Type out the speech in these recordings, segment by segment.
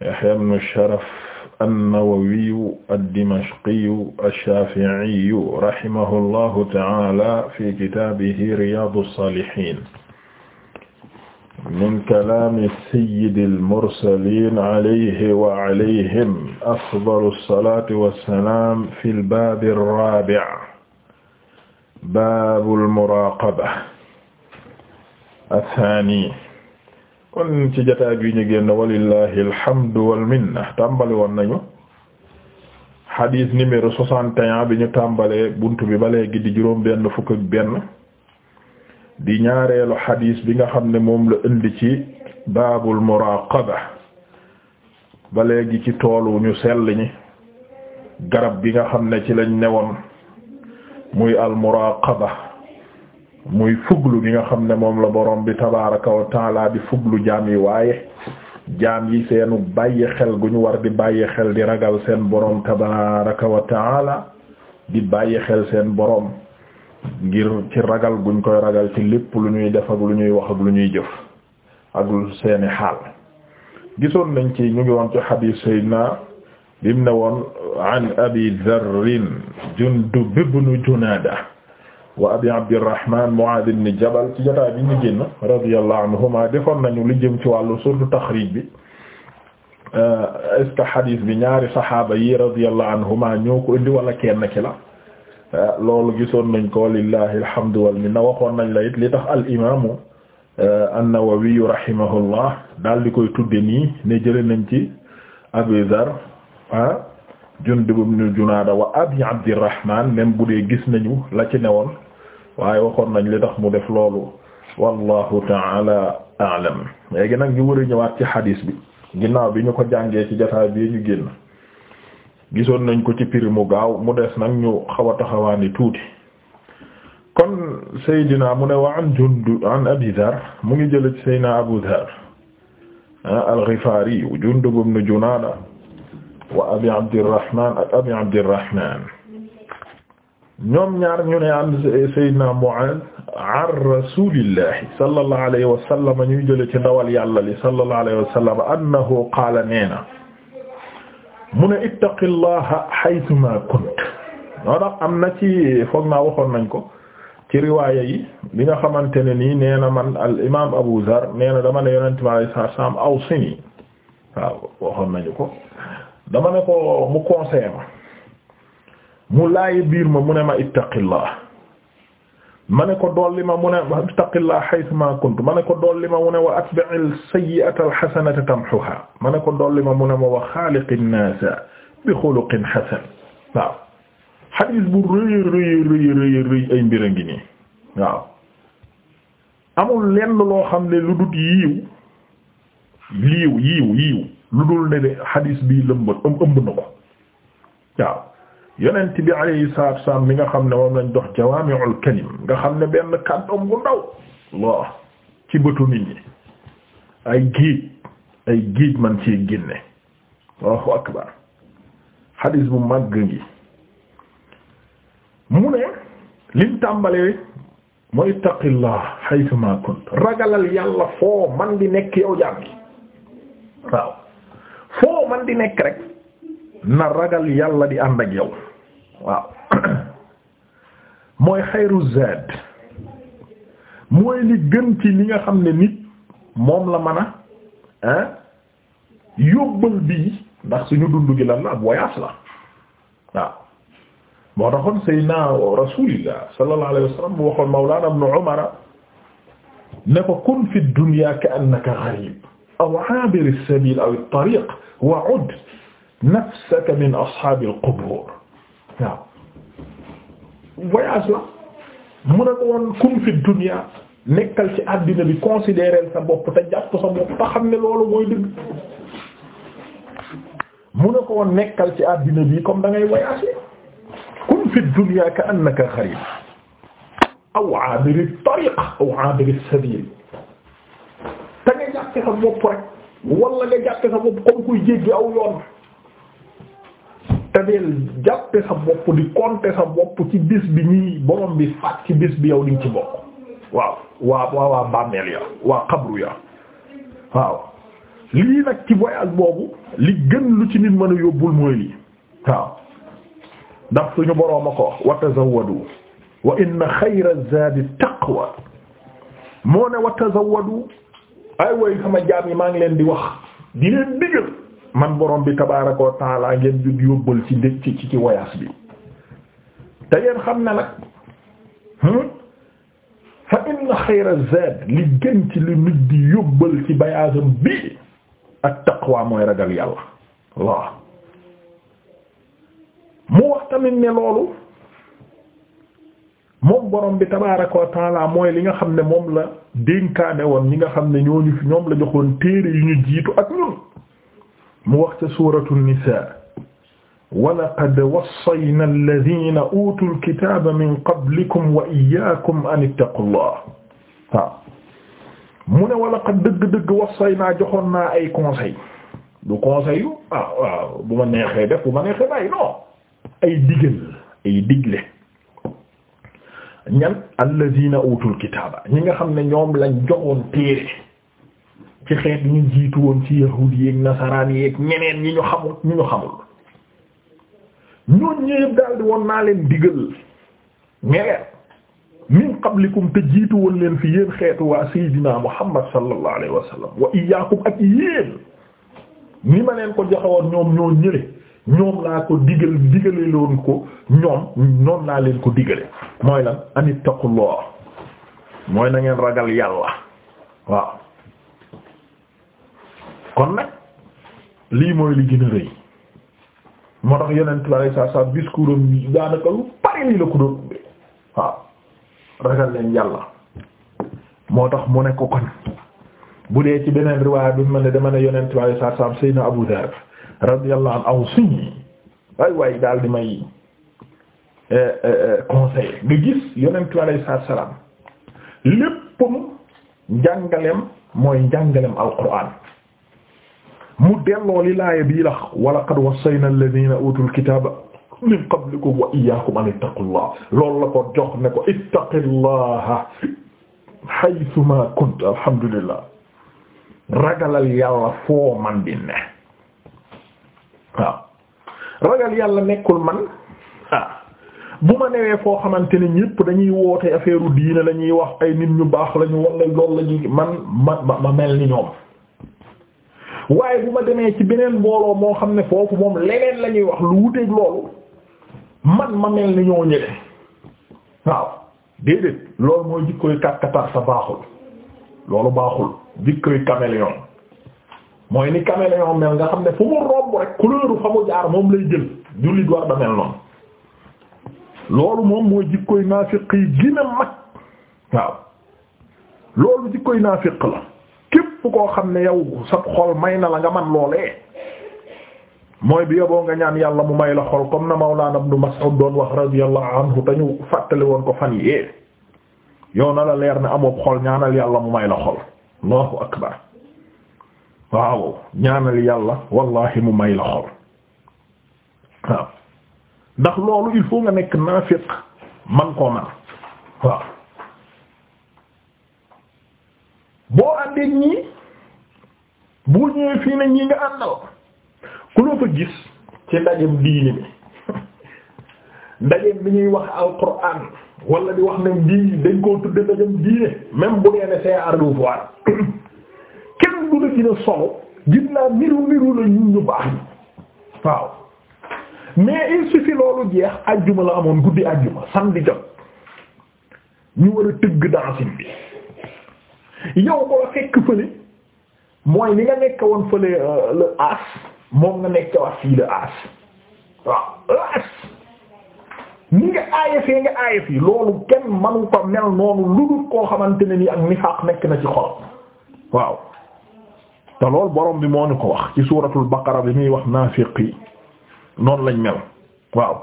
Yahya ibn Sharaf an-Nawawiyu ad-Dimashqiyu ash-Shafi'iyu rahimahullahu ta'ala fi kitaabihi Riyaadu s-Saalihiin min kalaami sayyidil mursaliin alayhi wa alayhim afdalu s-salaati wa s-salaam fil baabi r-raabi' baabul muraaqaba ath-thaani kon ci jotaay bi ñu génn walillahi alhamdu wal minna tàmbali woon nañu hadith numéro soixante et bi ñu tàmbalee bunt bi ba léegi di juróom benn fukk ak benn di ñaareelu hadith bi nga xam ne moom la indi ci baabul muraqaba ba léegi ci toolu ñu sell ñi garab bi nga xam ne ci lañ newoon muy al muraqaba muy fuglu gi nga xam ne moom la boroom bi tabaraka wa taala di fuglu jaam yi waaye jaam yi seenu bàyyi xel gu ñu war di bàyyi xel di ragal seen boroom tabaraka wa taala di bàyyi xel seen borom ngir ci ragal guñ koy ragal ci lépp lu ñuy def ak lu ñuy wax ak lu ñuy jëf ak lu seeni xaal gisoon nañ ci ñu ngi woon ci xadiis sayyidina bi mu ne woon an abi dharrin jundub ibnu junaada wa abi abdirahman Muaad ibn Jabal ci jotaay bi ñu génn radiyallahu anhuma defoon nañu li jëm ci wàllu surtout taxriij bi euh, bi ñaari saxaaba yi radiyallahu anhuma ñoo indi wala kenn ki la euh, loolu gisoon nañ ko lillahi alhamdu wal minna waxoon nañ la it li tax al imaamu euh, an-Nawawi rahimahullah daal di koy tudde ni ne jële nañ ci Abu Dharr ah, Jundub ibn Junaada wa Abi Abdirrahman même bu dee gis nañu la ci newoon waaye waxoon nañ li tax mu def loolu wallahu taala aalam léegi nag ñu war a ñëwaat ci xadiis bi ginnaaw bi ñu ko jàngee ci jotaay bi ñu génn gisoon nañ ko ci pir mu gaaw mu des nag ñu xaw a taxawaani tuuti kon Seydina mu ne wa an Jundub an Abi Dar mu ngi jële ci Seydina Abu Dar ah, al-Ghifari Jundub ibn wa abi abdirrahman ak abi abdirrahman ñoom ñaar ñu ne an sayyidina Mu'aaz an rasulillahi sallallahu alayhi wa sallam ñuy jële ci ndawal yàlla li sallallahu alayhi wa sallam annahu qaala neena mu ne ittaqillaha haythuma kunt noo tax am na ci foog naa waxoon nañ ko ci riwaaya yi bi nga xamante ne nii nee na man al imaam Abu Zar nee na dama ne yonente mi alayhi salaam awsini waaw waxoon nañu ko dama ne ko mu conseillé ma mu laayi biir ma mu ne ma ittaqillah ma ne ko dolli ma mu ne ittaqillah haythuma kuntu ma ne ko dolli ma mu ne wa atbi'il sayyi'ata alhasanata tamhuha ma ne ko dolli ma mu ne ma wa xaaliqin naasa bi xuluqin hasan waaw xadiis bu rëy rëy rëy rëy rëy ay mbir a ngi nii waaw amul lenn loo xam ne lu dut yiiw liiw yiiw yiiw lu dul ne de xadiis bii lëmb ëmb na ko waaw yonent bi alayhi salaatu wa mi nga xam ne moom lañ dox jawaami'ul kalim nga xam ne benn kàddoom bu ndaw loo ci bëtu nit ñi ay géej ay géej man ci génne Allahu akbar xadiis bu màgg ngi mu ne lim tàmbalee mooy ittaqillah haythumaa kunt ragalal yàlla foo man di nekk yow jaam waaw man di nekk rek na ragal yàlla di ànd ak yow waaw mooy xayru zaad mooy li gën ci li nga xam ne nit moom la mën a ah yóbbal bii ndax suñu dund gi lan la ab voyage la waaw moo taxoon Seydina Rasulillah sallallahu alayhi wa sallam waxoon Mawlana Ibn Umar ne ko kun fi dunya ka annaka gharib aw aabir as-sabil aw at ko woon kun fi dunya nekkal ci àddina bi considérer sa bopp te jàpp sa xam ne loolu mooy mu ne ko woon nekkal ci àddina bi comme da ngay voyager kun fi dunya ka annaka gharib aw aabir jàppe sa bopp rek wala nga jàppe sa bopp comme kuy jéggi aw yoon te deel jàppe sa bopp di compter sa bopp ci bis bi ñuy borom bi faat ci bis bi yow di nga ci bokk waaw waa waa lii nag ci voyage boobu li gën lu ci nit mën a yóbbul mooy lii waaw ndax suñu boroom a ko wa wa inna xayra zaadi taqwa moo ne wa ay woy sama jaam yi maa ngi leen di wax di leen digal man borom bi tabaaraka wa taala ngeen jug yóbbal ci ndég ci ci voyage bi te ngeen xam ne nag hmm? fa inna xayra zaad li gën ci li nit di yóbbal ci bayaasam bi ak taqwa mooy ragal yàlla waaw mu wax tamit ne loolu moom borom bi tabaaraka wa taala mooy li nga xam ne moom la dénkaane woon ñi nga xam ne ñooñu fi ñoom la joxoon téere yu ñu jiitu ak mu wax ca suuratu nisaa wala laqad wassayna alladhiina uutul kitaaba min qablikum wa mu ne wa laqad dëgg-dëgg wassaynaa joxoon naa ay conseil du conseil ah, bu ma neexee def bu ma neexee bàyyi ay digal ay digle ñan allazina utul kitaaba ñi nga xam ne ñoom lañ joxoon téere ci xeet ñu jiitu woon ci yahuud yeek nasaraan yeek ñeneen ñi ñu xamul ñi ñu xamul ñooñ ñëpp daldi woon naa leen digal ñeleen min qablikum te jiitu woon leen fi yéen xeetu waa seydina muhammad sallallahu alayhi wa sallam wa ak yéen ni ma leen ko joxewoon ñoom ñoo ñële ñoom laa ko digal digale ko ñoom noonu laa leen ko digale mooy la anit taqullah mooy na ngeen ragal yàlla waaw kon nag lii mooy li gën a rëy moo tax yonent bi alayhi salaatu salaam discours am daanaka lu bari lii la ko doon waaw ragal leen yàlla moo tax mu nekk ko kon bu dee ci beneen riwaaya bi ma ne dama ne yonent bi alayhi salaatu salaam Seydina Abu Dharr radiyallahu anhu awsini waay waay daal di may eh, eh, eh, conseil nga gis yonent bi alayhi salaatu salaam léppam njàngaleem mooy njàngaleem alquran mu delloo li laaya bii la wa laqad wassayna alladhina utul kitaaba min qablikum wa iyyakum an ittaqullah loolu la ko jox ne ko ittaqillaha haythuma kunt alhamdulillah ragalal yàlla foo man di ne waaw ragal yàlla nekkul man ah bu ma newee foo xamante ne ñépp dañuy woote affaire u diine la ñuy wax ay nit ñu baax lañu wala lool la ñuy man ma ma mel ni ñoom waaye bu ma demee ci beneen mbooloo moo xam ne foofu moom leneen la ñuy wax lu wuteeg loolu man ma mel ni ñoo ñële waaw déedéet loolu mooy jikkoy kat katar sa baaxul loolu baaxul jikkoy caméléon mooy ni caméléon mel nga xam ne fu mu romb rek couleur fa mu jaar moom lay jël jullit war da mel noonu loolu moom mooy jikkoy naafiq yi gën mag waaw loolu jikkoy naafiq la képp koo xam ne yow sa xol may na la nga man loolee mooy bi yoboo nga ñaan yàlla mu may la xol comme na Mawlana Ibn Mas'ud doon wax radiyallahu anhu te ñu fàttali woon ko fan yee yow na la leer ne amoo xol ñaanal yàlla mu may la xol Allahu akbar waaw ñaanal yàlla wallahi mu may la xol waaw ndax loolu il faut nga nekk naafiq man koo man waaw boo àndee ñii boo ñëwee fii na ñii nga àndal ku la fa gis ci ndajem diini bi ndajem bi ñuy wax alquran walla di wax nañ di dañ koo tudde ndajem diine même bu nee ne c'est à revoir kenn du la gën a solo ginnaa miru miru ñu baax ñi waaw mais il suffit loolu jeex ajjuma la amoon guddi ajjuma samedi jot ñu war a tëgg dansin bi yow ba la fekk fële mooy ni nga nekk woon euh, wax fii le as waaw as ni nga aaya fee nga aaya fii loolu kenn manu ko mel noonu lu dul koo xamante ne nii ak nifaaq nekk na ci xol waaw te loolu borom bi moo ñu ko wax ci suuratul baqara bi muy wax naafiqi noonu lañ mel waaw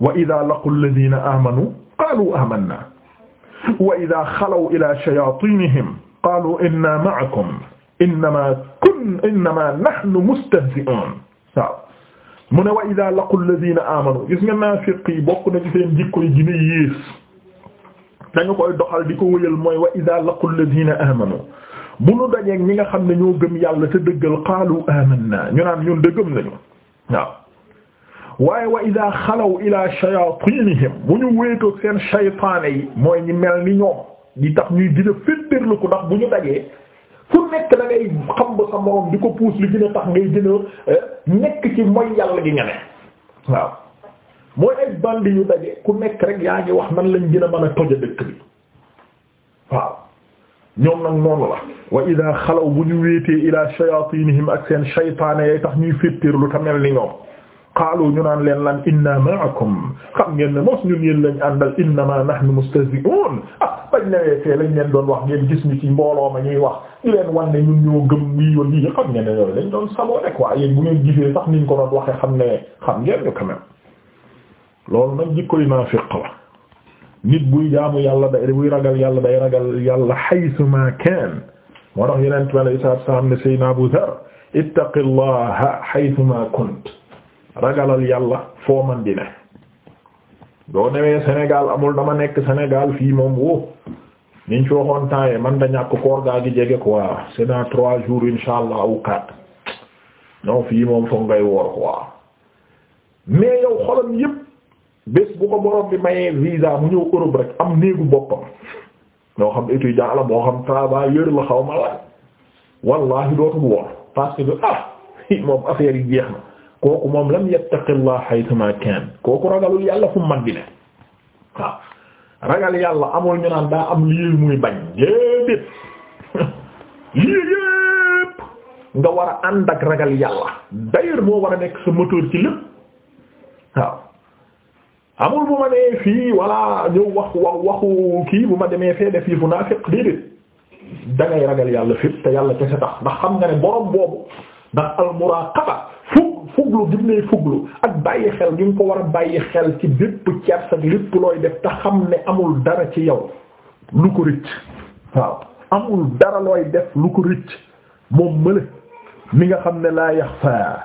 wa ida laqu alladina amanu qaalu amanna wa ida xalaw ila shayatinihim qaalu inna ma'akum innama kun innama nahnu mustahzi'un waaw mu ne wa ida laqu alladina amanu gis nga naafiqi bokk na ci seen jikko yi gën a yées dañu koy doxal di ko wëyal mooy wa ida laqu alladina amanu bu nu dajeeg ñi nga xam ne ñoo gëm yàlla te dëggal qaalu amanna ñu naan ñun dëggam nañu waaw waaye wa ida xalaw ila shayatinihim bu ñu wéetoog seen shaytaane yi mooy ñi mel ni ñoom di tax ñuy gën a féttéerlu ko ndax bu ñu dajee fu nekk da ngay xam ba di ko puus li gën a tax ngay gën a eh, nekk ci mooy yàlla gi nga waaw mooy ay bandi yu daje ku nekk rek yaa ngi wax nan lañ gën a mën toja dëkk bi waaw ñoom nag noonu la wa ida xalaw bu ñu wéetee ila shayatinihim ak seen shaytaane yay tax ñuy fittirlu ta mel ni ñoom qaalu ñu naan leen lan inna ma'akum xam ngeen ne mos ñun yéen lañ àndal innama nahnu mustahzi'un ah bañ nawee fee lañ leen doon wax ngeen gis ñu ci mbooloo ma ñuy wax ñu leen wan ne ñun ñoo gëm lii yoon lii xam ngeen ne yooyu lañ doon saboo rek waa yéen bu ngeen gisee sax niñ ko doon waxee xam ne xam ngeen ñu loolu nag jikkoy nit buy jaamu yàlla day buy ragal yàlla day ragal yàlla haythuma kaan moo tax yeneen bi alayhi salaatu salaam ne Seydina Abu Dharr ittaqillaha haythuma kunt ragalal yàlla foo man di doo newee Sénégal amul dama nekk senegal fii moom woo niñ man da ñàkk koor gaa gi jege quoi c'est dans trois jours insha allah ou quatre fii moom foog ngay woor quoi mais yow xolam yépp bés bu ko borom bi mayee visa mu ñëw Europe rek am néegu boppam ñoo xam étudiant la moo xam travailleur la xaw ma la wallahi dootul woon parce que ah moom affaire jeex na kooku moom lam yattaqillah haythuma kan kooku ragalul yàlla fu man di ragal yàlla amul ñu naan daa am lii muy bañ yépp lii yépp nga war a ànd ak ragal yàlla d'ailleurs moo war a nekk sa moteur ci lépp waaw amul bu ma nee fii walla ñëw wax wax waxu kii bu ma demee fee def fii fu naa féq déedéet da ngay ragal yàlla fépp te yàlla kese tax ndax xam nga ne borom boobu ndax almuraqaba fug fuglu gim lay fuglu ak bàyyi xel gi ko war a bàyyi xel ci bépp cers ak lépp looy def tax xam ne amul dara ci yow lu ko rëcc amul dara looy def lu ko moom mële mi nga xam ne laa yaxfaa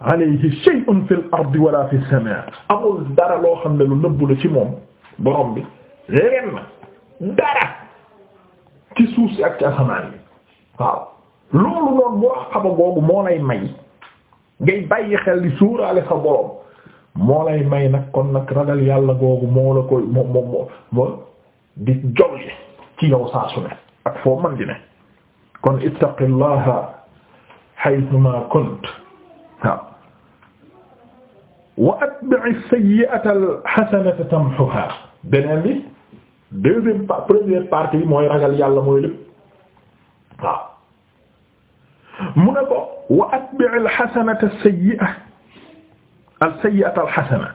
alayhi shay'un fil ardi wala fis samaa amul dara loo xam ne lu nëbbu la ci moom borom bi lenn dara ci suuf si ak ci asamaan yi waaw loolu noonu mu xaba googu moo lay may ngay bàyyi xel di suuraale sa borom moo lay may nag kon nag ragal yàlla googu moo la koy moo moo moo di jolli ci yow saa su ne ak foo man di ne kon ittaqillaha haythuma kunt waaw wa atbi'i sayyi'ata al-hasanata tamhuha beneen bi deuxième première partie mooy ragal yàlla mooy lépp waaw mu ne ko wa atbi'i al-hasanata as-sayyi'ata as-sayyi'ata al-hasana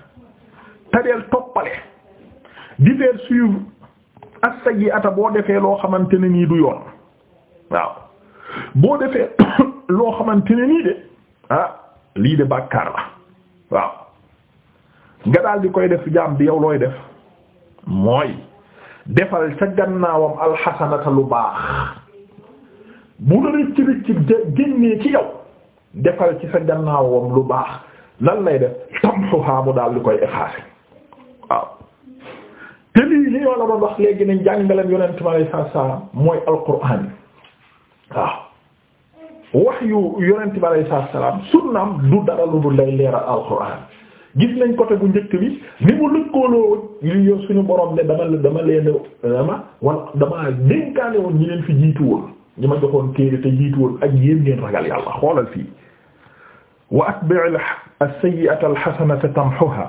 tadeel toppale di faire suivre as-sayyi'ata boo defee loo xamante ne nii du yoon waaw boo defee loo xamante ne nii de ah lii de bàkkaar la waaw nga daal di koy def jaam bi yaw looy def mooy defal ca gannaawam alxasanata lu baax bu la rëcc rëcc génnee ci yow defal ci sa gannaawam lu baax lan lay def tamxuhaa mu daal di koy effacer waaw te lii li ñoo la doon wax léegi ne jàngaleem yonent mi alayhi salaam mooy alquraan waaw wax yu yonent bi alayhi salaam sunnaam du dara lu dul lay leeral alxuraan gis nañ côté bu njëkk bi ni mu lëkkooloo li yow suñu borom ne dama dama leen dama wala dama dénkaane woon ñi leen fi jiituwoon ñi ma joxoon téere te jiituwoon ak yéen ngeen ragal yàlla xoolal fii wa atbi'il as-sayyi'ata al-hasanata tamhuha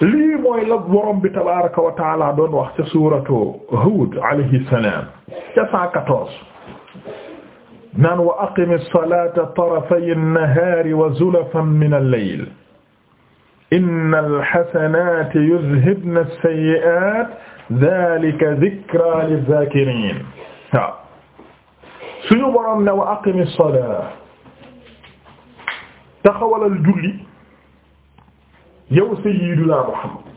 lii mooy la borom bi tabaaraka wa ta'aala doon wax ca suuratu Huud alayhi salaam ca 114 naan wa aqimi salaata tarafay nnahaari wa zulafan min al-layl inna al-hasanaati yuzhibna as-sayyi'aat zaalika zikraa liz-zaakiriin waaw suñu boroom ne wa aqimi salaata taxawalal julli yow sayyidunaa Muhammad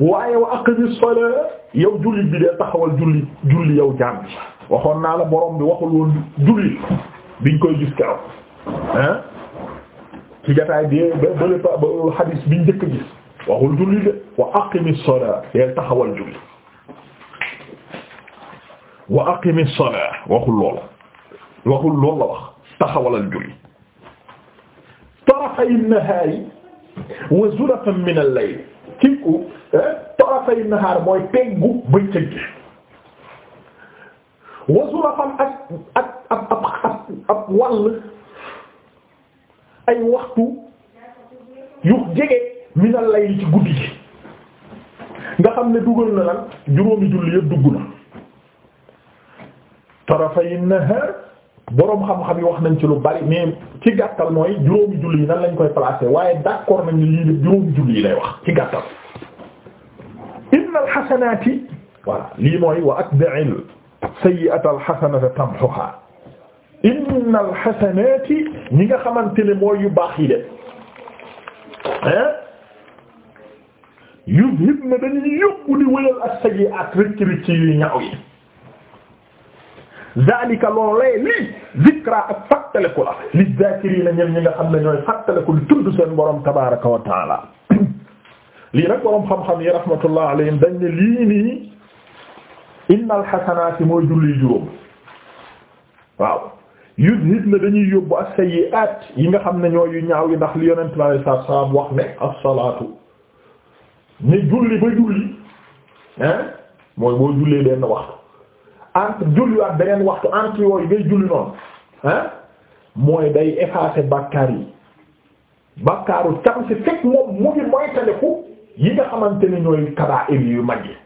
waaye wa aqimi salaata yow julli bi de taxawal julli julli yow jaam bi waxoon naa la borom bi waxul woon julli biñ koy gis keroog ah ci jotaay bi bale ba xadis biñ njëkk gis waxul julli de wa aqimi salaa yeel taxawal julli wa aqimi salaa waxul loolu waxul loolu la wax taxawalal julli tarafay nahaari wa zulafan min al-layl kii ku tarafay nahaar mooy teggu bëccëg wa zulafan ak ak ab ab ay waxtu yu jege minal layli ci guddi gi nga xam ne dugal na lan juróomi julli yëpp dugg na tarafay nahar boroom xam-xam yi wax nañ ci lu bari mais ci gàttal mooy juróomi julli yi nan lañ koy placer waaye d'accord nañ lii de juróomi julli yi lay wax ci gàttal innal xasanaati voilà lii mooy wa atbi'il sayyi'ata alxasanata tamxuha inna alxasanati ñi nga xamante ne mooy yu baax yi de hein yuzhibna dañuy yóbbu a wëyal as-sayyi'at rëcc rëcc yu ñaaw yi zalika loolu lay lii zikra ak fàttaliku la li zakirina ñen ñi nga xam ne ñooy fàttaliku di tudd seen borom tabaraka wa taala lii nag borom xam-xam yi rahmatullah alayhim dañ ne lii nii innal xasanaati mooy julli juróom waaw yuzhid na dañuy yóbbu as-sayyi'aat yi nga xam ne ñoo yu ñaaw yi ndax li yonent bi sallallahu alayhi wasallam wax ne as-salaatu ne julli ba julli hein mooy boo jullee benn waxtu entre julli noonu hein mooy day effacer bàkkaar yi bàkkaaru cam fekk moom mu ngi moytandiku yi nga xamante ne ñooy kabaa'ir yu mag yi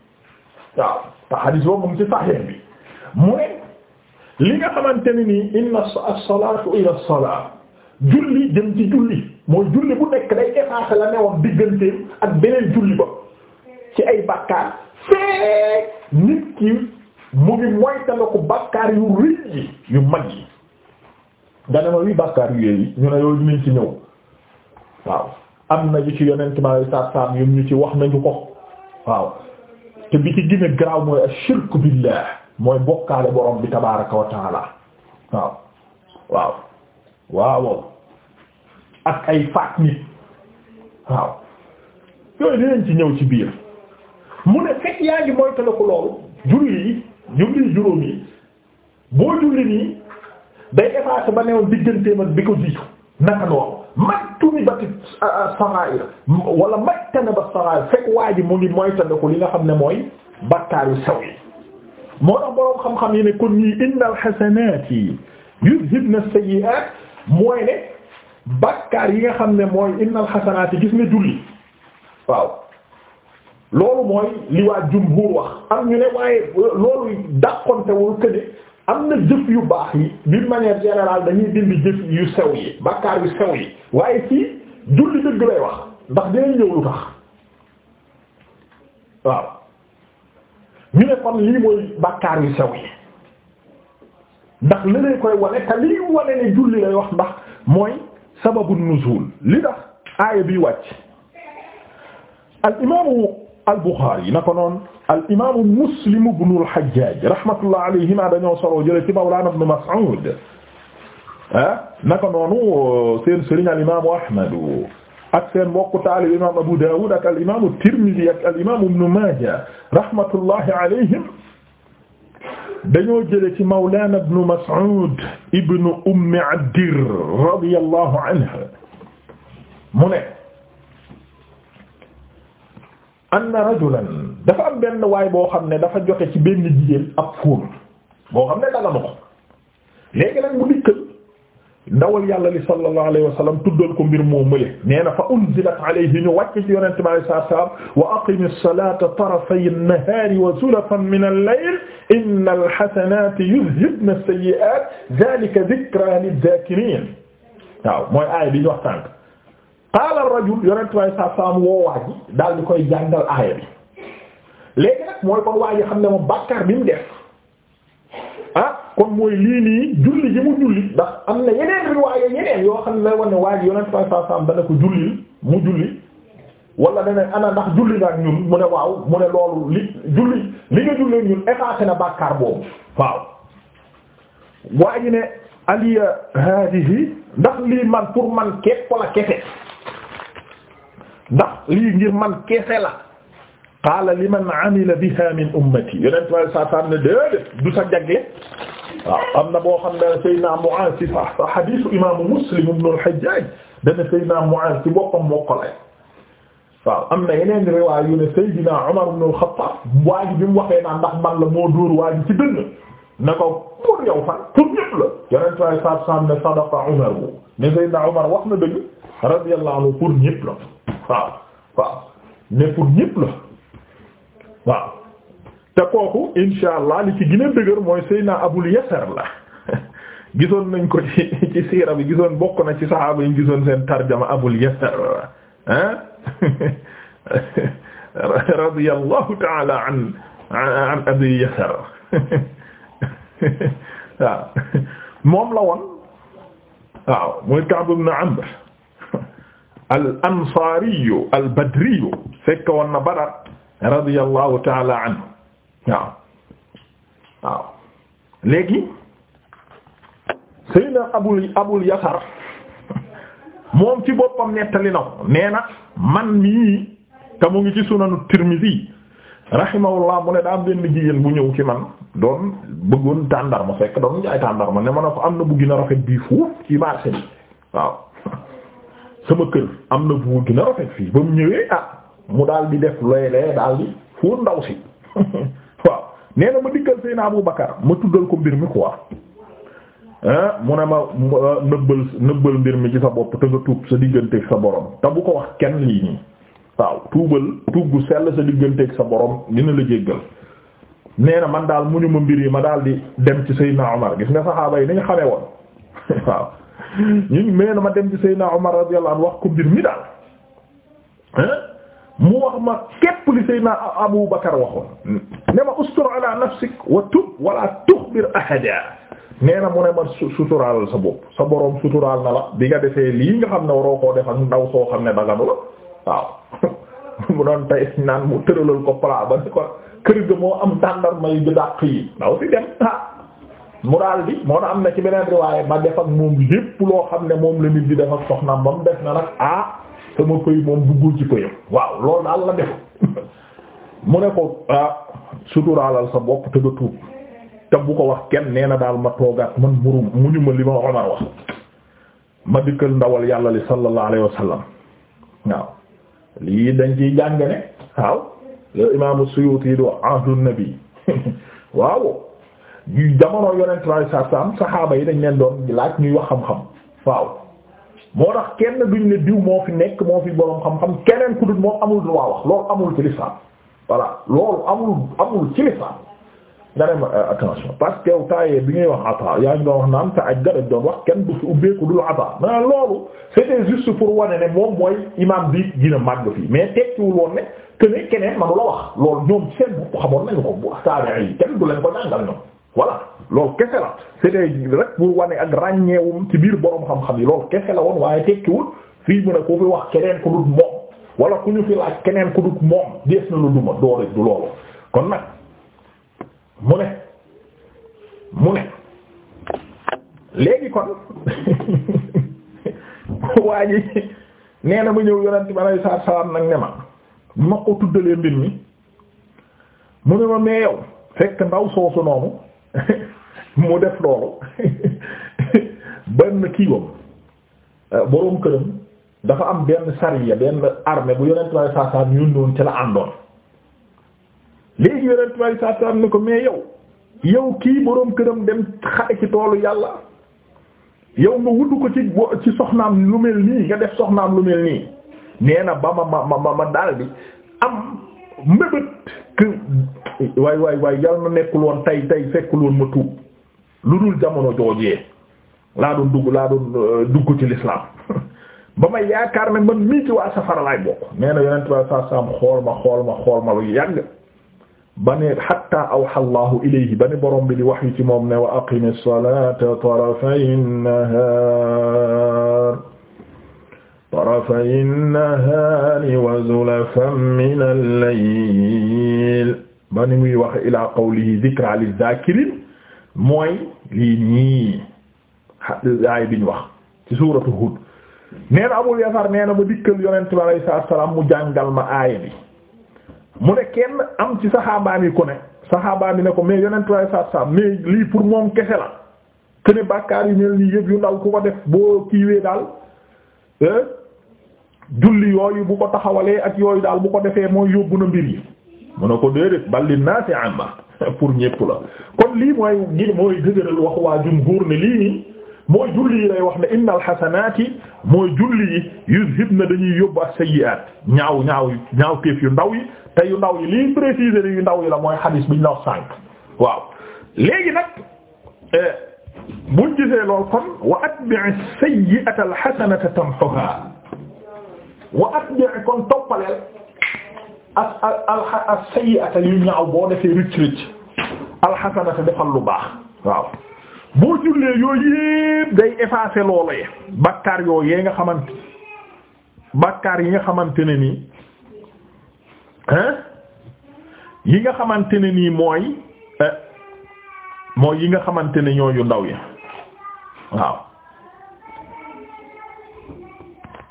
waaw te xadis boobu mu ngi bi mu ne li nga xamante ne nii inna as-salaatu ila as-salaat julli jëm ci julli mooy julli bu nekk day effacer la newoon digganteem ak beneen julli ba ci ay bàkkaar feek nit ki mu ngi moytandiku bàkkaar yu rëy yi yu mag yi nga ma wi bàkkaar yu yooyu ñu ne yooyu dinañ ci ñëw waaw am na ñu ci yonent ma saab saab yu ñu ci wax nañu ko waaw te bi ci gën a mooy ashirku billah mooy bokkaale borom bi tabaaraka wa waaw waaw waaw ak ay faat nit waaw yooyu dinañ ci ñëw ci biir mu ne fekk yaa ngi mooy tele ko loolu julli yi julli juróom yi boo julli nii day effacer ba newoon digganteem ak bi ko jiitu naka maktumi bati euh, euh, sarair wala majtana ba sarair fekk waa mu ngi moytandiku li nga xam ne mooy bakkaar yu sew yi moo tax boroom xam-xam yi ne kon ñii innal hasanati yuzhibna sayyi'at mooy ne yi nga xam ne mooy innal gis ne julli waaw loolu mooy li waa jumhur wax am ñu ne waaye loolu dàqontewul que ne am na jëf yu baax yi d'une manière générale dañuy dindi jëf yu sew yi bakkaar yu sew waaye ci julli dëgg lay wax ndax dinañ ñëw lu tax waaw ñu ne kon lii mooy bakkaar yu sew yi ndax li lay koy wane te lii wane ne julli lay wax ndax mooy sababu nuzul li tax aaya bi wàcc al imaamu al-Bukhari na ko noonu al imaamu Muslim ibnu al-Hajjaj rahmatullah alayhima dañoo soroo jëlee ci Mawlana ibnu Mas'ud ah eh? na ko noonu euh, seen sëriñ al imaamu Ahmad ak seen mbokk taalibe imaam Abu Dawud ak al imaamu Tirmidhi ak al imaamu ibnu Maaja rahmatullahi alayhim dañoo jëlee ci Mawlana ibnu Mas'ud ibnu Ummi Abdir radiyallahu anha mu ne. anna rajulan dafa am benn waay boo xam ne dafa jote ci benn jigéen ab fóon boo xam ne daganu ko léegi nag mu dikkal ndawal yàlla li sallallahu alayhi wa sallam tuddal ko mbir moo mële nee na fa unzilat alayhi ñu wàcc ci yonente bi alayhi salaatu wa salaam wa aqimi salata tarafay an-nahaari wa zulafan min al-layl inna al-hasanaati yudhhibna as-sayyi'aat dhaalika dhikraa lidh-dhaakiriin waaw mooy aay bi ñu wax tànk qaala rajul yonent way sa saam woo waa daal di koy jàngal aaya bi léegi nag mooy kon waa ji xam ne moom bàkkaar bi mu def ah kon mooy lii nii julli ji mu julli ndax am na yeneen riwaaya yeneen yoo xam ne lay wane waa ji yonent dana ko jullil mu julli wala dana ana ndax julli nga ak ñun mu ne waaw mu ne loolu li julli li nga jullee ñun effacé na bàkkaar boobu waaw waa ji ne aliya haadihi ndax lii man pour man kepp wala kese ndax lii ngir man kese la qaala liman amila biha min ummati yonent waaye saa saa ne déedéet du sa jagle waaw am na boo xam ne Seydina Mu'aaz si sax sax hadiisu imaamu Muslim ibn al-Hajjaaj dana Seydina Mu'aaz ci boppam moo ko lay waaw am na yeneen riwaay yu ne Seydina Umar ibn al-Khattaab waa ji bi mu waxee naa ndax man la moo dóor waa ji ci dënn na ko pour yow fan pour ñëpp la yonent waaye saa saa ne sadaqa Umar ne Seydina Umar wax na dëgg radiyallahu anhu pour ñëpp la. waaw waaw ne pour ñépp la waaw te kooku li ci gën a dëgër mooy Seydina Abul Yasar la gisoon nañ ko ci ci siira bi gisoon bokk na ci saxaaba yi gisoon seen tarjama Abul Yasar ah radiyallahu ta'ala an an moom la woon waaw mooy Ka'b ibn al ansaariyu al badriyu fekk woon na Badar radiyallahu taala anhu waaw waaw léegi Seydina Abul Abul Yasar moom ci boppam nettali na ko nee man mii te mu ngi ci sunanu Tirmidhi rahimahullah mu ne daa benn jigéen bu ñëw ci man doon bëggoon tàndarma fekk doon jaay tàndarma ne ma ne ko am na bu gën rafet bii fuuf ci marché waaw sama kër am na bu gën rafet fii ba mu ñëwee ah mu daal di def loolee daal di fuur ndaw si waaw nee na ma diggal Seydina Abu Bakar ma tuddal ko mbir mi quoi mu ne ma euh, nëbbal nëbbal mbir mi ci sa bopp te nga tuub sa digganteeg sa borom te bu ko wax kenn lii nii waaw tuubal tuub gu sell sa digganteeg sa borom dina la jéggal nee na man daal muñu ma mbir yi ma daal di dem ci Seydina Omar gis nga saxaaba yi ni ñu xamee woon waaw. ñun mais ma dem ci Seydina Omar radiyallahu anhu wax ko mbir mi daal mu wax ma képp li Seydina Abu Bakar waxoon ne ma ustur nafsik wa tub wala tuxbir ahada nee na mu ne ma suturaal sa bopp sa boroom suturaal na la bi nga defee lii nga xam ne waroo koo def ndaw soo xam ne daganu la waaw mu doon tey naan mu tëralal ko pla ba ne ko kër ga moo am tàndar may bi dàq yi ndaw si dem ah mu daal bi moo na am na ci beneen riwaaye ma def ak moom lépp loo xam ne moom la nit di def ak soxnaam ba mu def na nag ah sama pëy moom buggul ci pëyam waaw loolu daal la def mu ne ko ah suturaalal sa bopp te te bu ko wax kenn nee na daal ma toogaat man murum mu ñu ma li ma Omar wax ma dikkal ndawal yàlla li sallallahu alayhi wa sallam waaw lii dañ ciy jàng ne waaw le imaamu Suyuti yi di wax nabi waaw jamono yonent sallallahu alayhi wasallam saxaaba yi dañ leen doon ak ñuy wax xam-xam waaw moo tax kenn duñ ne diw moo fi nekk moo fi boroom xam-xam keneen ku dul moom amul droit wax loolu amul ci l'islam voilà loolu amul amul ci l'islam nga dem euh, attention parce que taayee bi ngay wax ata yaa ngi doon wax naan te ak garab kenn du fi ubbeeku dul ata mais loolu c'était juste pour wane ne moom mooy imam bi dina màgg fii mais tekkiwul woon ne que ne keneen manu la wax loolu ñoom seen bopp xamoon nañu ko bu taabee yi kenn du voilà loolu kese la c'était rek pour wane ak ràññeewum ci biir boroom xam-xam yi loolu kese la woon waaye tekkiwul fii mu ne ku fi wax keneen ku dut moom wala ku ñu fi laaj keneen ku dut moom dees na lu duma doole du loolu kon nag mu ne mu ne léegi kon waa nee na ma ñëw yonent bi alayhi salaam nag ne ma ma ko tuddalee mbir mi mu ne ma mais yow fekk ndaw soosu noonu mu def loolu benn kiiwam euh, boroom këram dafa am benn sariya benn armée bu yonent bi saa ci la àndoon léegi yonent bi saa ko mais yow yow kii boroom këram dem xare ci toolu yàlla yow nga wudd ko ci ci soxnaam lu mel nii nga def soxnaam lu mel nii nee ba ma ma ma ma daal bi am mbébét waay waay waay yal na nekk woon tay tay fekkul woon ma tuub lu dul jamono joojee laa doon dugg laa euh, dugg ci l'islam ba ma yaakaar ne man mii ci waa safara laay bokk nee na yonent ba saa saam xool ma xool ma xool ma lu yàgg ba ne ba ne borom bi di wax yi ci moom ne wa aqimi salata tarafay nahar طرفي النهار وزلفا من الليل ba ni muy wax ilaa qawlihi dhikra lizaakirin mooy lii ñii aay biñ wax ci suuratu Hud nee na Abul Yasar nee na ba dikkal yonent bi alayhi salaam mu jàngal ma aaya bi mu ne kenn am ci saxaabaam yi ku ne saxaabaam yi ne ko mais yonent bi alayhi salaatu wa salaam mais lii pour moom kese la kene bàkkaar yu mel nii yëpp yu ndaw ku ko def boo kiiwee daal eh? julli yooyu bu ko taxawalee ak yooyu daal bu ko defee mooy yóbbu na mbir mu ne ko déedéet balli naasi amma pour ñépp la kon lii mooy ngir mooy dëgëral wax waa jumhuur ne lii nii mooy julli yi lay wax ne innal xasanaati mooy julli yi yuzhibna dañuy yóbbu ak sayyi'aat ñaaw ñaaw ñaaw kéef yu ndaw yi te yu ndaw yi lii préciser yu ndaw yi la mooy xadiis bi ñu la wax sànq waaw léegi nag eh, buñ gisee lool kon wa atbi'i sayyi'ata al hasanata tamhuha wa atbi' kon toppaleel as as alxa yu ñaaw boo defee rëcc rëcc alxasanata defal lu baax waaw boo jullee yooyu yépp day effacer loolu ye bakkaar yooyu yee nga xamante bakkaar yi nga xamante ne nii hein yi nga xamante ne nii mooy eh, mooy yi nga xamante ne ñooyu ndaw yi waaw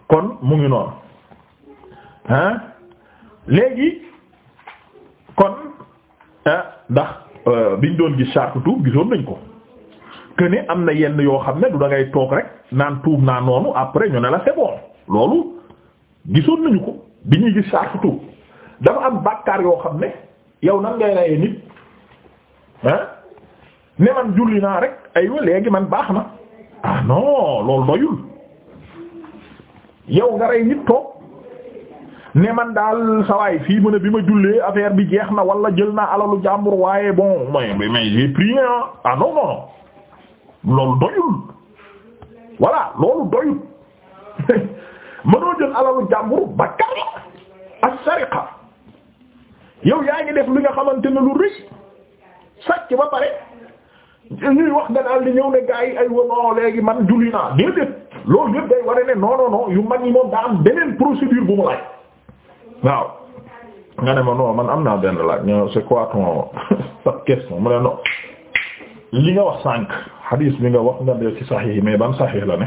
kon mu ngi noonu ah léegi kon eh, ndax euh, biñ doon gis sartu tuub gisoon nañ ko que am na yenn yoo xam ne du da toog rek naan tuub naa noonu après ñu ne la c'est loolu gisoon nañu ko bi ñuy gis sartu tuub dafa am bàkkaar yoo xam ne yow nan ngay rayee nit ah ne man julli naa rek aywa léegi man baax na ah non loolu doyul yow nga rey nit toog ne man daal sawaay fii mu ne bi ma jullee affaire bi jeex na wala jël naa alalu jàmbur waaye bon mais mais j'ai prié ah non non loolu doyul voilà loolu doyul mënoo jël alalu jàmbur ba kar as-sariqa yow yaa ngi def li nga xamante ne lu rëy sàcc ba pare ñuy wax nga daal di ñëw ne gaa yi ay wono léegi man julli naa déedéet loolu yëpp ware ne non yu mag yi moom daa am beneen procédure bu mu laaj waaw nga ne ma non man am naa benn laaj ño c'est quoi question mu ne non li nga wax sànq xadiis bi nga wax nga ne ci saxiix mais ban saxiix la ne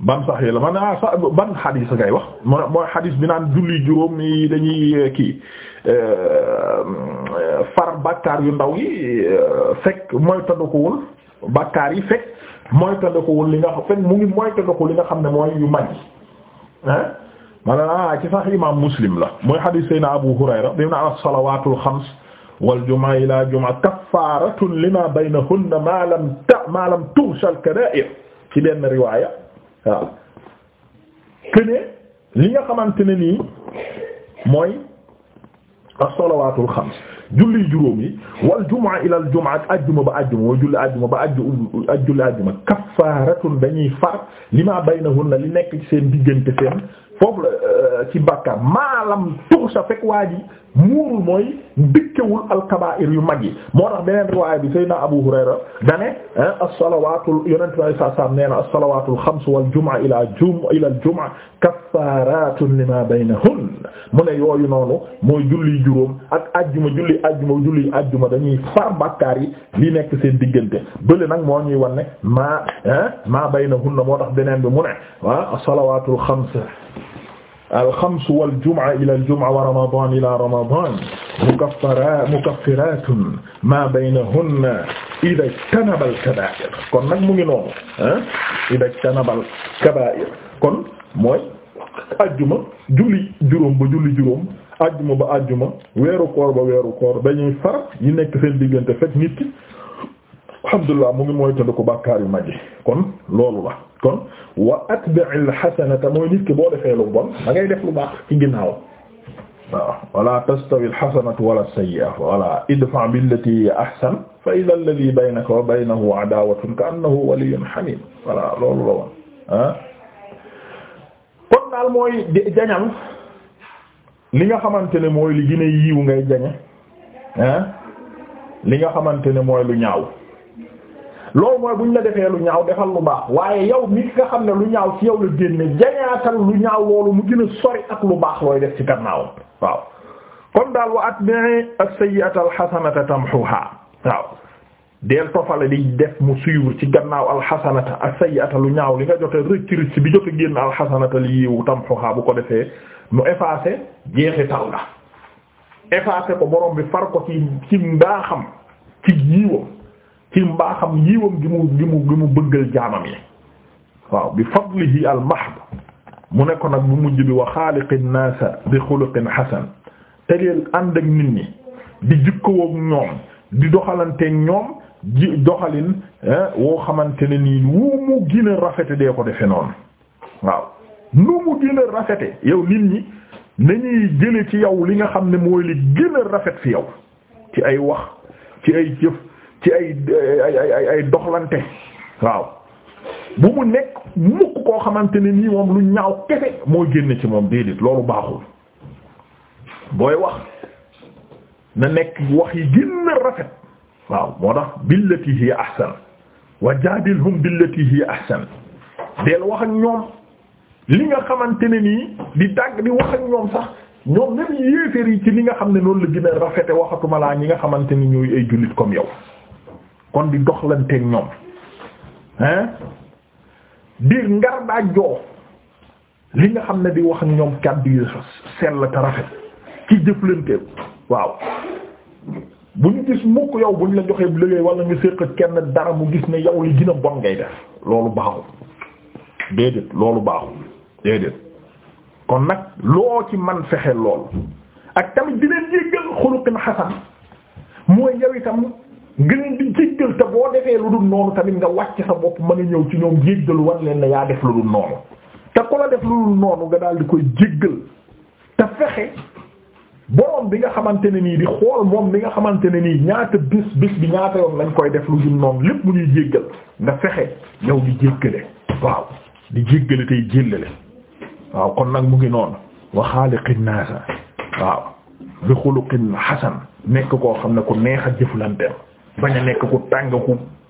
ban saxiix la man ah sa ban xadiis ngay wax mu mooy xadiis bi naan julli juróom yi dañuy eh, kii eh, far bàkkaar yu ndaw yi eh, fekk mooy tëddukowul bàkkaar yi fekk mooy tëddukowul li nga fekk mu ngi mooy tëddukowul li nga xam ne mooy yu mag ma ne la ah, ci sax imam muslim la mooy hadith sayna abu hurayra bi na as-salawatul xams wal jumaa ila jumaa kaffaratun lima baynahunna ma lam ta ma lam tughsha al-kaba'ir ci benn riwaaya waaw këne li nga xamante ne nii mooy as-salawatul xams julli juróom yi wal jumaa ila al jumaa ak ajjuma ba ajjuma mooy julli ajjuma ba ajju julli ajjuma kaffaratun dañuy far lima baynahunna li nekk ci seen diggante seen foofu la euh, ci bàkkaar maalam tux sa fekk waa ji muurul mooy dikkewul alkabair yu mag yi moo tax beneen riwaaya bi sayyidina Abu Hurayra dane as-salawaatul yonent bi saa saam nee na as-salawaatul xams wal jumu'a ila jum ila al-jumu'a kaffaaratun lima baynahun mu ne yooyu noonu mooy julli juróom ak ajjuma julli ajjuma julli ajjuma dañuy far bàkkaar yi li nekk seen diggante bële nag moo ñuy wan ne maa maa baynahun moo tax beneen bi mu ne wa as-salawaatul xams alxamsu wal jum'a ila al jum'a wa ramadan ila ramadan mukaffara mukaffiratun ma baynahunna ida tanabal kabair kon nag mu ngi noonu ah ida tanabal kabair kon mooy ajjuma julli juróom ba julli juróom ajjuma ba ajjuma weeru koor ba weeru koor dañuy farat yi nekk seen diggante fekk nit ki alhamdulilah mu ngi mooy tënd ko bàkkaar yu mag yi kon loolu la kon wa atbi'il hasanata mooy nit ki boo defee lu bon da ngay def lu ci ginnaaw wala tastawi alxasanatu wala sayyi'a wala idfa' billati hiya ahsan fa wala loolu la woon ah kon daal mooy jañal li nga xamante ne mooy li gën a ngay jañe li nga xamante ne mooy lu ñaaw loolu mooy bu ñu la defee lu ñaaw defal lu baax waaye yow mi nga xam ne lu ñaaw ci yow la génne jañaatal lu ñaaw loolu mu gën a sori ak lu baax looy def ci gannaawam waaw kon daal wa ak as-sayyi'ata al-hasanata tamhuha waaw deel tofale di def mu suivre ci gannaaw alxasanata as-sayyi'ata lu ñaaw li nga jote rëcc rëcc bi jote génn alxasanata li yiwu tamhuha bu ko defee mu effacé jeexital ga effacé ko borom bi far ko ci ci mbaaxam ci yiwam ci mbaaxam yiwam gi mu gi mu gi mu bëggal jaamam yi waaw bi fadlihi al mahd mu ne ko nag bu mujj bi wa xaaliqin naasa bi xuluqin hasan tegeel ànd ak nit ñi di jikkowoog ñoom di doxalante ñoom ji doxalin eh, woo xamante ne nii nu mu gën rafete dee ko defe noonu waaw nu mu gën rafete yow nit ñi nañuy jële ci yow li nga xam ne mooy li gën rafet fi yow ci ay wax ci ay jëf ci ay ay ay ay doxlante waaw bu mu nekk mukk koo xamante ne nii moom lu ñaaw kese moo génne ci moom déedéet loolu baaxul booy wax na nekk wax yi gën rafet waaw moo tax billati hiya ahsan wa jaadilhum billati hiya ahsan deel wax ak ñoom li nga xamante ne nii di dàgg di wax ak ñoom sax ñoom même yéeféer yi ci li nga xam ne noonu la gën a rafete waxatuma laa ñi nga xamante ni ñooy ay jullit comme yow kon di doxlanteeg ñoom hein di ngar daa joo li nga xam ne di wax ñoom kàddu yu sell te rafet ci jëflante waaw bu ñu gis mukk yow bu ñu la joxee liggéey wala ñu séq kenn dara mu gis ne yow li gën a bon ngay def loolu baaxul déedéet loolu baaxul déedéet kon nag loo ci man fexe lool ak tamit di leen jéggal xuluqin xasan mooy yow ngën di jéggal te boo defee lu dul noonu tamit nga wàcc sa bopp mën a ñëw ci ñoom jéggalu war leen ne yaa def lu dul noonu te ku la def lu dul noonu nga daal di koy jéggal te fexe borom bi nga xamante ne nii di xool moom bi nga xamante ne nii ñaata bis bis bi ñaata yoon lañ koy def lu dul noonu lépp mu ñuy jéggal nga fexe yow di jéggale waaw di jéggale tey jéllale waaw kon nag mu ngi noonu wa naasa waaw bi xuluqin hasan nekk koo xam ne ku neex a jëflanteel bañ a nekk ku tàng ku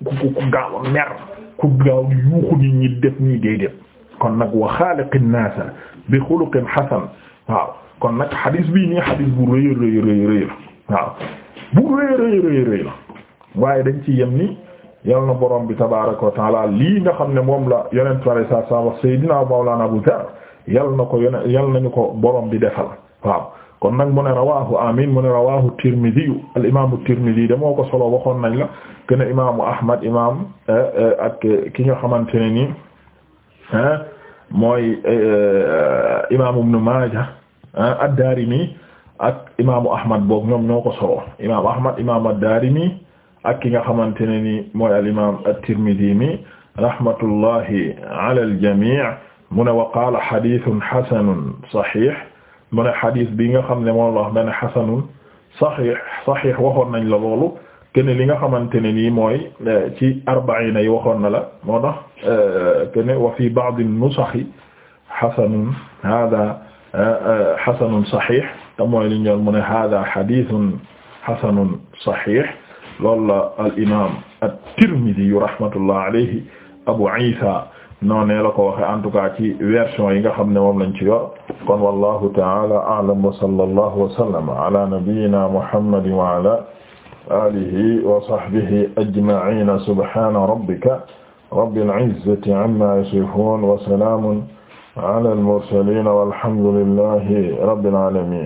ku ku gaaw mer ku gaaw di yuuxu nit def nii déedéet kon nag wa xaaliqin naasa bi xuluqin hasan waaw kon nag xadis bii nii xadis bu rëy rëy rëy waaw bu rëy rëy rëy waaye dañ ci yem ni yal na boroom bi tabaaraka wa taala lii nga xam ne moom la yonent sallallahu alayhi wa Seydina Mawlana Abu Dharr yal na ko yal nañu ko borom bi defal waaw. kon nag mu ne rawahu amin mu ne rawahu Tirmidhi al imaamu Tirmidhi de moo ko solo waxoon nañ la que ne imaamu Ahmad imaam eh, eh, ak ki nga xamante ne nii eh, mooy imaamu Ibn Maaja ad-Daarimi ak imaamu Ahmad boog ñoom ñoo ko solo imaamu Ahmad imaamu ad-Daarimi ak ki nga xamante ne nii mooy al imaam at-Tirmidhi mi rahmatullahi ala al jamii' mu ne wa qaala hadiisun hasanun sahiih mu ne xadis bi nga xam ne moom la wax dana xasanun saxiix saxiix waxoon nañ la loolu kene li nga xamante ne nii mooy eh, ci arbaina yi waxoon na la moo tax eh, kene wa fi ba'd an-nusaxi xasanun hada eh, xasanun saxiix te mooy li ñoon mu ne hada xadisun xasanun saxiix loolu la al imam at-Tirmidi rahmatullah alayhi Abu Isa noonee la ko waxe en tout cas ci version yi nga xam ne moom lañ ci yor kon wallahu ta'ala a'lam wa sallallahu wa sallama ala nabiyyina muhammadin wa ala alihi wa sahbihi ajma'in subhana rabbika rabbil izzati amma yasifun wa salamun ala al mursalin walhamdulillahi rabbil alamin